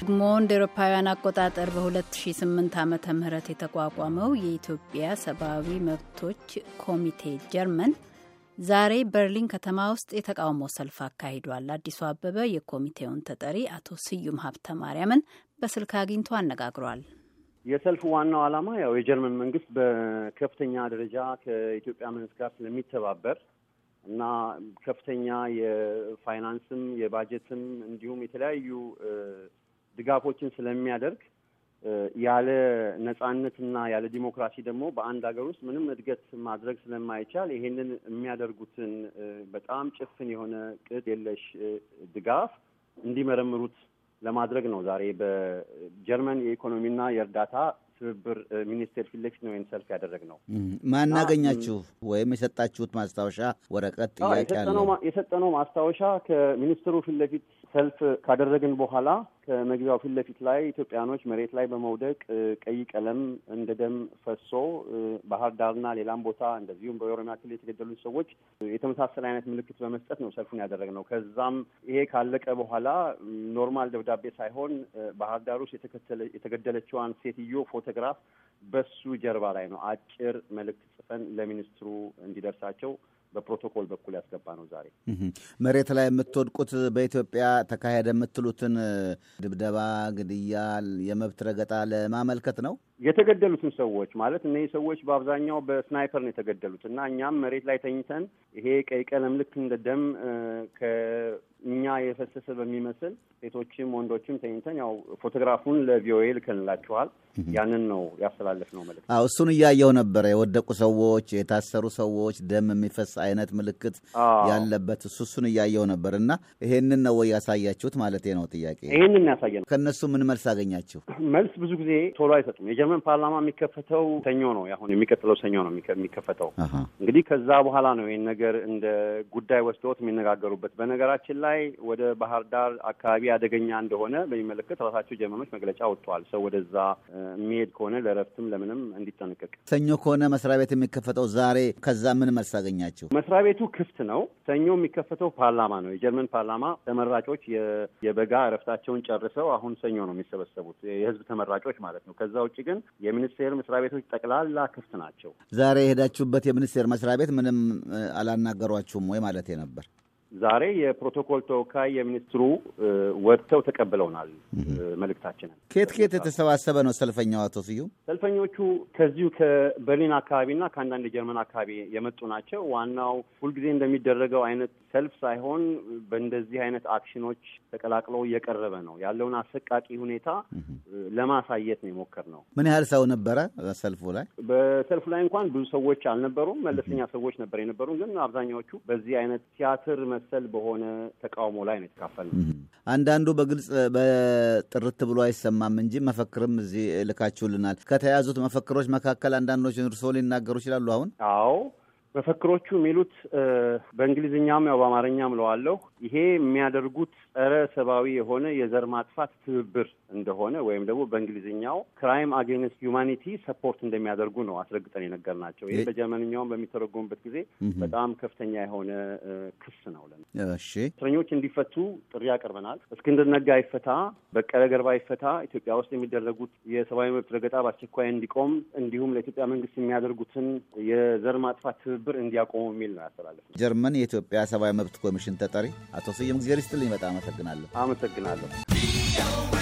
ደግሞ እንደ አቆጣጠር በ2008 ዓ ም የተቋቋመው የኢትዮጵያ ሰብአዊ መብቶች ኮሚቴ ጀርመን ዛሬ በርሊን ከተማ ውስጥ የተቃውሞ ሰልፍ አካሂዷል። አዲሱ አበበ የኮሚቴውን ተጠሪ አቶ ስዩም ሀብተ ማርያምን በስልክ አግኝቶ አነጋግሯል። የሰልፉ ዋናው ዓላማ ያው የጀርመን መንግስት በከፍተኛ ደረጃ ከኢትዮጵያ መንግስት ጋር ስለሚተባበር እና ከፍተኛ የፋይናንስም የባጀትም እንዲሁም የተለያዩ ድጋፎችን ስለሚያደርግ ያለ ነጻነትና ያለ ዲሞክራሲ ደግሞ በአንድ ሀገር ውስጥ ምንም እድገት ማድረግ ስለማይቻል ይሄንን የሚያደርጉትን በጣም ጭፍን የሆነ ቅጥ የለሽ ድጋፍ እንዲመረምሩት ለማድረግ ነው ዛሬ በጀርመን የኢኮኖሚና የእርዳታ ትብብር ሚኒስቴር ፊት ለፊት ነው ይህን ሰልፍ ያደረግነው። ማናገኛችሁ ወይም የሰጣችሁት ማስታወሻ ወረቀት ጥያቄ አለ? የሰጠነው ማስታወሻ ከሚኒስትሩ ፊት ለፊት ሰልፍ ካደረግን በኋላ ከመግቢያው ፊት ለፊት ላይ ኢትዮጵያኖች መሬት ላይ በመውደቅ ቀይ ቀለም እንደ ደም ፈሶ ባህር ዳርና ሌላም ቦታ እንደዚሁም በኦሮሚያ ክልል የተገደሉት ሰዎች የተመሳሰለ አይነት ምልክት በመስጠት ነው ሰልፉን ያደረግነው። ከዛም ይሄ ካለቀ በኋላ ኖርማል ደብዳቤ ሳይሆን ባህር ዳር ውስጥ የተገደለችዋን ሴትዮ ፎቶግራፍ በሱ ጀርባ ላይ ነው አጭር መልእክት ጽፈን ለሚኒስትሩ እንዲደርሳቸው በፕሮቶኮል በኩል ያስገባ ነው። ዛሬ መሬት ላይ የምትወድቁት በኢትዮጵያ ተካሄደ የምትሉትን ድብደባ፣ ግድያ፣ የመብት ረገጣ ለማመልከት ነው። የተገደሉትን ሰዎች ማለት እነዚህ ሰዎች በአብዛኛው በስናይፐር ነው የተገደሉት እና እኛም መሬት ላይ ተኝተን ይሄ ቀይ ቀለም ልክ እንደ ደም ከእኛ የፈሰሰ በሚመስል ሴቶችም ወንዶችም ተኝተን ያው ፎቶግራፉን ለቪኦኤ ልከንላችኋል። ያንን ነው ያስተላለፍ ነው መልዕክት። እሱን እያየው ነበረ። የወደቁ ሰዎች፣ የታሰሩ ሰዎች ደም የሚፈስ አይነት ምልክት ያለበት እሱ እሱን እያየው ነበር እና ይሄንን ነው ወይ ያሳያችሁት ማለት ነው ጥያቄ። ይሄንን ያሳየ ነው። ከእነሱ ምን መልስ አገኛችሁ? መልስ ብዙ ጊዜ ቶሎ አይሰጡም። የጀርመን ፓርላማ የሚከፈተው ሰኞ ነው። አሁን የሚቀጥለው ሰኞ ነው የሚከፈተው። እንግዲህ ከዛ በኋላ ነው ይህን ነገር እንደ ጉዳይ ወስደውት የሚነጋገሩበት። በነገራችን ላይ ወደ ባህር ዳር አካባቢ አደገኛ እንደሆነ በሚመለከት ራሳቸው ጀርመኖች መግለጫ ወጥተዋል። ሰው ወደዛ የሚሄድ ከሆነ ለረፍትም ለምንም እንዲጠነቀቅ። ሰኞ ከሆነ መስሪያ ቤት የሚከፈተው ዛሬ፣ ከዛ ምን መልስ አገኛችሁ? መስሪያ ቤቱ ክፍት ነው። ሰኞ የሚከፈተው ፓርላማ ነው። የጀርመን ፓርላማ ተመራጮች የበጋ እረፍታቸውን ጨርሰው አሁን ሰኞ ነው የሚሰበሰቡት የህዝብ ተመራጮች ማለት ነው። ከዛ ውጭ ግን የሚኒስቴር መስሪያ ቤቶች ጠቅላላ ክፍት ናቸው። ዛሬ የሄዳችሁበት የሚኒስቴር መስሪያ ቤት ምንም አላናገሯችሁም ወይ ማለት ነበር? ዛሬ የፕሮቶኮል ተወካይ የሚኒስትሩ ወጥተው ተቀብለውናል መልእክታችንን። ከየት ከየት የተሰባሰበ ነው ሰልፈኛው? አቶ ስዩም ሰልፈኞቹ ከዚሁ ከበርሊን አካባቢና ከአንዳንድ የጀርመን አካባቢ የመጡ ናቸው። ዋናው ሁልጊዜ እንደሚደረገው አይነት ሰልፍ ሳይሆን በእንደዚህ አይነት አክሽኖች ተቀላቅለው እየቀረበ ነው ያለውን አሰቃቂ ሁኔታ ለማሳየት ነው ነው። ምን ያህል ሰው ነበረ በሰልፉ ላይ? በሰልፉ ላይ እንኳን ብዙ ሰዎች አልነበሩም። መለስተኛ ሰዎች ነበር የነበሩ፣ ግን አብዛኛዎቹ በዚህ አይነት ቲያትር መሰል በሆነ ተቃውሞ ላይ ነው አንዳንዱ በግልጽ በጥርት ብሎ አይሰማም እንጂ መፈክርም እዚህ ልካችሁልናል። ከተያዙት መፈክሮች መካከል አንዳንዶችን እርስዎ ሊናገሩ ይችላሉ? አሁን አዎ፣ መፈክሮቹ የሚሉት በእንግሊዝኛም ያው በአማርኛም ለዋለሁ ይሄ የሚያደርጉት ጸረ ሰብአዊ የሆነ የዘር ማጥፋት ትብብር እንደሆነ ወይም ደግሞ በእንግሊዝኛው ክራይም አጌንስት ሁማኒቲ ሰፖርት እንደሚያደርጉ ነው አስረግጠን የነገርናቸው። ይህ በጀርመንኛውን በሚተረጎምበት ጊዜ በጣም ከፍተኛ የሆነ ክስ ነው ለ እሺ፣ እስረኞች እንዲፈቱ ጥሪ አቅርበናል። እስክንድር ነጋ ይፈታ፣ በቀለ ገርባ ይፈታ፣ ኢትዮጵያ ውስጥ የሚደረጉት የሰብአዊ መብት ረገጣ በአስቸኳይ እንዲቆም እንዲሁም ለኢትዮጵያ መንግስት የሚያደርጉትን የዘር ማጥፋት ትብብር እንዲያቆሙ የሚል ነው ያስተላለፍ። ጀርመን የኢትዮጵያ ሰብአዊ መብት ኮሚሽን ተጠሪ አቶ ስዩም ጊዜር ይስጥልኝ በጣም አመሰግናለሁ። አመሰግናለሁ።